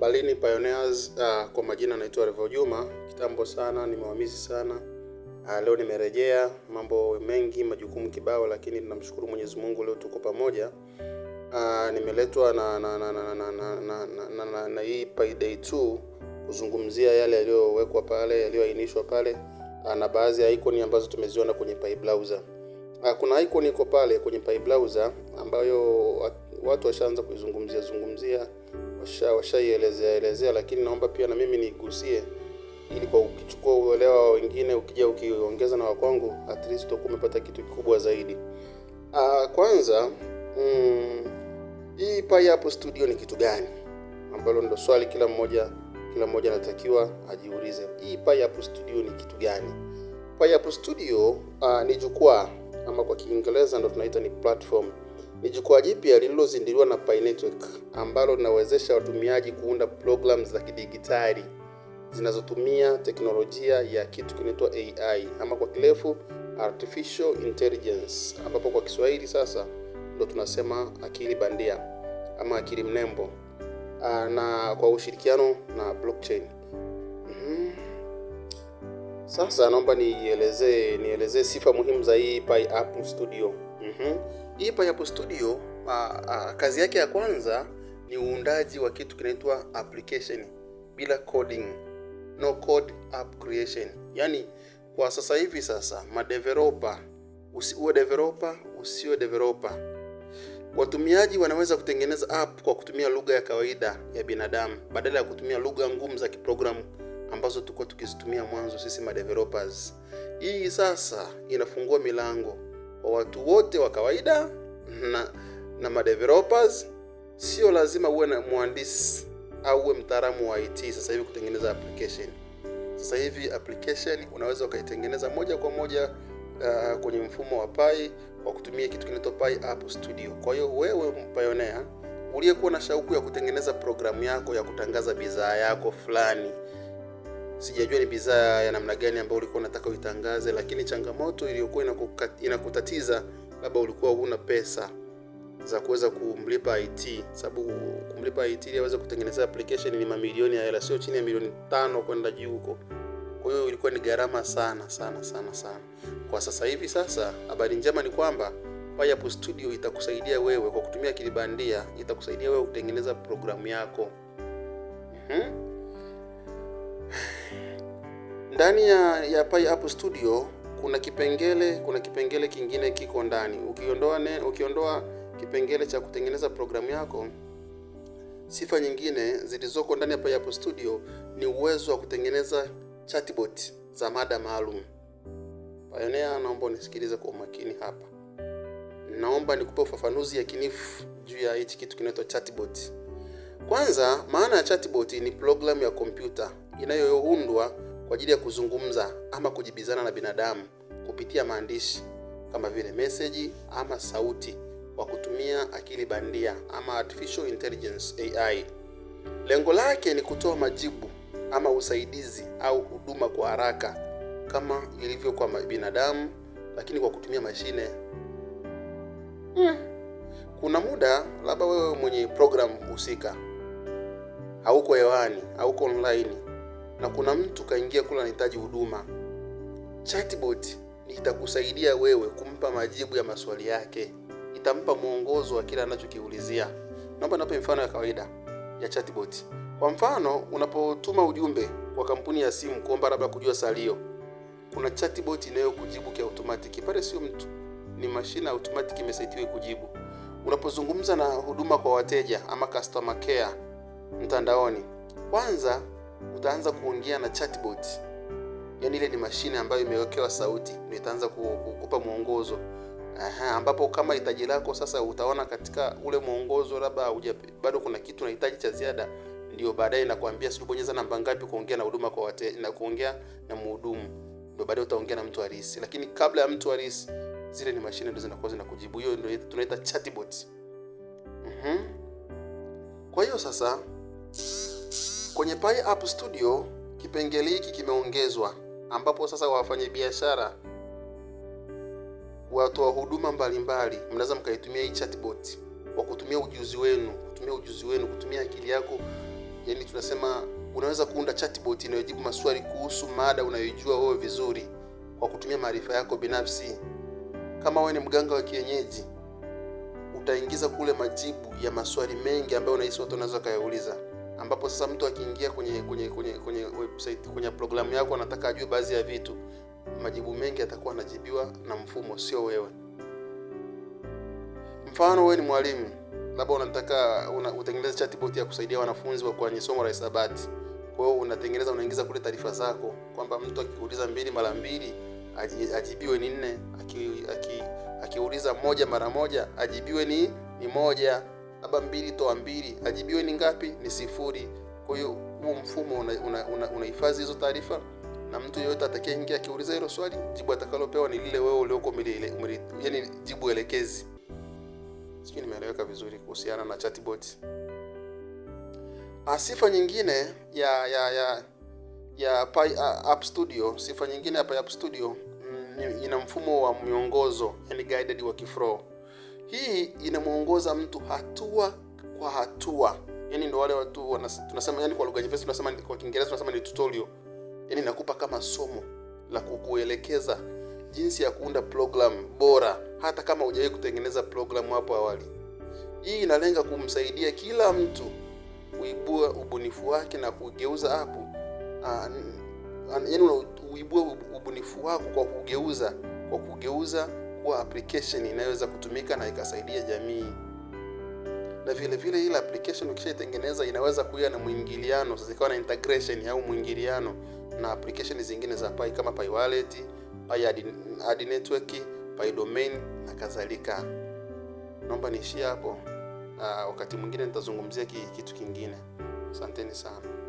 Balini Pioneers. Uh, kwa majina naitwa Revo Juma, kitambo sana nimewamizi sana. Uh, leo nimerejea, mambo mengi, majukumu kibao, lakini namshukuru Mwenyezi Mungu, leo tuko pamoja. Uh, nimeletwa na na na na na na, na, na, na, na hii payday 2 kuzungumzia yale yaliyowekwa pale, yaliyoainishwa pale uh, na baadhi ya icon ambazo tumeziona kwenye pay browser. Uh, kuna icon iko pale kwenye pay browser ambayo watu washaanza kuizungumzia zungumzia washaielezea elezea, lakini naomba pia na mimi nigusie, ili kwa ukichukua uelewa wa wengine ukija ukiongeza na wakwangu, at least utakuwa umepata kitu kikubwa zaidi. Aa, ah, kwanza mm, hii Pi App Studio ni kitu gani, ambalo ndo swali kila mmoja kila mmoja anatakiwa ajiulize. Hii Pi App Studio ni kitu gani? Pi App Studio uh, ni jukwaa ama kwa Kiingereza ndo tunaita ni platform ni jukwaa jipya lililozinduliwa na Pi Network ambalo linawezesha watumiaji kuunda programu za kidigitali zinazotumia teknolojia ya kitu kinaitwa AI ama kwa kirefu artificial intelligence, ambapo kwa Kiswahili sasa ndo tunasema akili bandia ama akili mnembo, ah, na kwa ushirikiano na blockchain. Mm-hmm. Sasa naomba nielezee nielezee sifa muhimu za hii Pi App Studio. Mm-hmm. Hii Pineapple Studio a, a, kazi yake ya kwanza ni uundaji wa kitu kinaitwa application bila coding, no code app creation. Yaani kwa sasa hivi sasa madeveloper, usiwe developer, usiwe developer, watumiaji wanaweza kutengeneza app kwa kutumia lugha ya kawaida ya binadamu badala ya kutumia lugha ngumu za kiprogramu ambazo tulikuwa tukizitumia mwanzo sisi madevelopers. Hii sasa inafungua milango wa watu wote wa kawaida na, na madevelopers. Sio lazima uwe na mhandisi au uwe mtaalamu wa IT sasa hivi kutengeneza application. Sasa hivi application unaweza ukaitengeneza moja kwa moja uh, kwenye mfumo wa Pi kwa kutumia kitu kinaitwa Pi App Studio. Kwa hiyo wewe mpayonea uliyekuwa na shauku ya kutengeneza programu yako ya kutangaza bidhaa yako fulani Sijajua ni bidhaa ya namna gani ambayo ulikuwa unataka uitangaze, lakini changamoto iliyokuwa inakutatiza labda ulikuwa huna pesa za kuweza kumlipa IT, sababu kumlipa IT ili aweze kutengeneza application ni mamilioni ya hela, sio chini ya milioni tano kwenda juu huko. Kwa hiyo ilikuwa ni gharama sana sana sana sana. Kwa sasa hivi, sasa habari njema ni kwamba Pi-App Studio itakusaidia wewe kwa kutumia kilibandia itakusaidia wewe kutengeneza programu yako. Mhm. Mm ndani ya, ya Pi App Studio kuna kipengele kuna kipengele kingine kiko ndani. Ukiondoa ne, ukiondoa kipengele cha kutengeneza programu yako, sifa nyingine zilizoko ndani ya Pi App Studio ni uwezo wa kutengeneza chatbot za mada maalum. Payonea, naomba unisikilize kwa umakini hapa. Naomba nikupe ufafanuzi yakinifu juu ya hichi kitu kinaitwa chatbot. Kwanza, maana ya chatbot ni programu ya kompyuta inayoundwa kwa ajili ya kuzungumza ama kujibizana na binadamu kupitia maandishi kama vile meseji ama sauti kwa kutumia akili bandia ama artificial intelligence AI. Lengo lake ni kutoa majibu ama usaidizi au huduma kwa haraka kama ilivyo kwa binadamu, lakini kwa kutumia mashine hmm. Kuna muda labda wewe mwenye program husika hauko hewani, hauko online na kuna mtu kaingia kule anahitaji huduma, chatbot itakusaidia wewe kumpa majibu ya maswali yake, itampa mwongozo wa kile anachokiulizia. Naomba nape mfano ya kawaida ya chatbot. Kwa mfano, unapotuma ujumbe kwa kampuni ya simu kuomba labda kujua salio, kuna chatbot inayokujibu kwa automatic pale, sio mtu, ni mashine automatic imesaitiwa kujibu. Unapozungumza na huduma kwa wateja ama customer care mtandaoni, kwanza utaanza kuongea na chatbot, yaani ile ni mashine ambayo imewekewa sauti, itaanza kukupa mwongozo Aha, ambapo kama hitaji lako sasa utaona katika ule mwongozo labda bado kuna kitu unahitaji cha ziada, ndio baadaye nakwambia sio bonyeza namba ngapi kuongea na huduma kwa wate, na kuongea na mhudumu, ndio baadaye utaongea na mtu halisi. Lakini kabla ya mtu halisi, zile ni mashine ndio zinakuwa zinakujibu. Hiyo ndio tunaita chatbot. Mhm. Kwa hiyo sasa Kwenye Pi App Studio kipengele hiki kimeongezwa, ambapo sasa wafanyabiashara, watoa huduma mbalimbali, mnaweza mkaitumia hii chatbot kwa kutumia ujuzi wenu, kutumia ujuzi wenu, kutumia akili yako, Yani tunasema unaweza kuunda chatbot inayojibu maswali kuhusu mada unayojua wewe vizuri kwa kutumia maarifa yako binafsi. Kama wewe ni mganga wa kienyeji, utaingiza kule majibu ya maswali mengi ambayo unahisi watu wanaweza kayauliza ambapo sasa mtu akiingia kwenye kwenye kwenye kwenye website kwenye programu yako anataka ajue baadhi ya vitu, majibu mengi atakuwa anajibiwa na mfumo, sio wewe. Mfano wewe ni mwalimu, labda unataka una, utengeneze chatbot ya kusaidia wanafunzi wa kwenye somo la hisabati. Kwa hiyo unatengeneza, unaingiza kule taarifa zako kwamba mtu akiuliza mbili mara mbili ajibiwe ni nne, akiuliza aki, aki moja mara moja ajibiwe ni ni moja labda mbili toa mbili, ajibiwe ni ngapi? Ni sifuri. Kwa hiyo huo mfumo unahifadhi una, una, una hizo taarifa, na mtu yeyote atakayeingia akiuliza hilo swali, jibu atakalopewa ni lile wewe ulioko, yani jibu elekezi. Sijui nimeeleweka vizuri kuhusiana na chatbot. Ah, sifa nyingine ya ya ya ya Pi ah, App Studio, sifa nyingine ya Pi App Studio mm, ina mfumo wa miongozo, yani guided workflow. Hii inamwongoza mtu hatua kwa hatua, yani ndo wale watu tunasema, yani kwa lugha nyepesi tunasema, kwa Kiingereza tunasema ni tutorial, yani nakupa kama somo la kukuelekeza jinsi ya kuunda program bora, hata kama hujawahi kutengeneza program hapo awali. Hii inalenga kumsaidia kila mtu kuibua ubunifu wake na kugeuza apu, ah, yani unaibua ubunifu wako kwa kugeuza kwa kugeuza kuwa application inayoweza kutumika na ikasaidia jamii. Na vile vile ile application ukishaitengeneza inaweza kuwa na mwingiliano, sasa ikawa na integration au mwingiliano na application zingine za pai kama pai Wallet, pai Ad, Ad Network, pai Domain na kadhalika. Naomba niishie hapo. Wakati mwingine nitazungumzia kitu kingine. Asanteni sana.